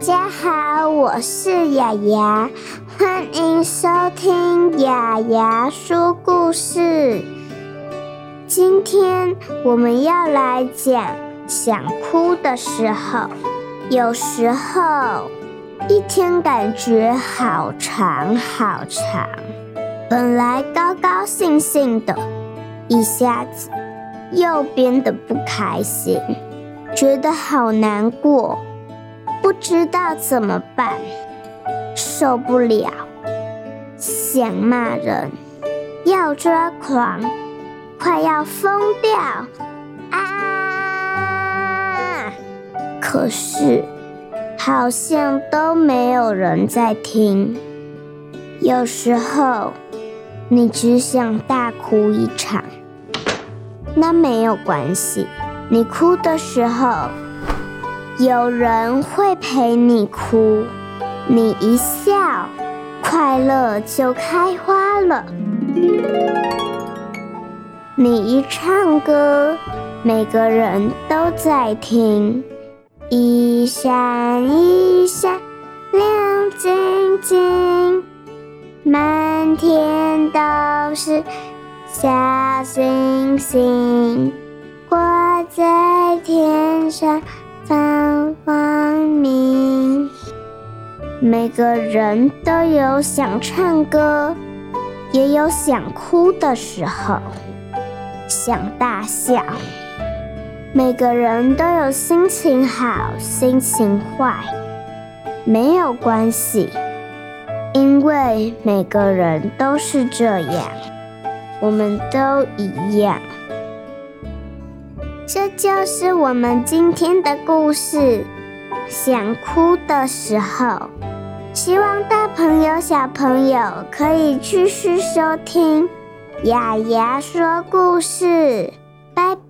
大家好，我是亞亞，歡迎收聽亞亞說故事。今天我們要來講想哭的時候，有時候一天感覺好長好長，本來高高興興的，一下子又變得不開心，覺得好難過。不知道怎麼辦，受不了，想罵人，要抓狂，快要瘋掉啊！可是好像都沒有人在聽。有時候你只想大哭一場，那沒有關係，你哭的時候，有人會陪你哭，你一笑，快樂就開花了。你一唱歌，每個人都在聽。一閃一閃亮晶晶，滿天都是小星星，掛在天上。每個人都有想唱歌，也有想哭的時候，想大笑。每個人都有心情好，心情壞，沒有關係，因為每個人都是這樣，我們都一樣。這就是我們今天的故事，想哭的時候。希望大朋友、小朋友可以繼續收聽亞亞說故事，拜拜。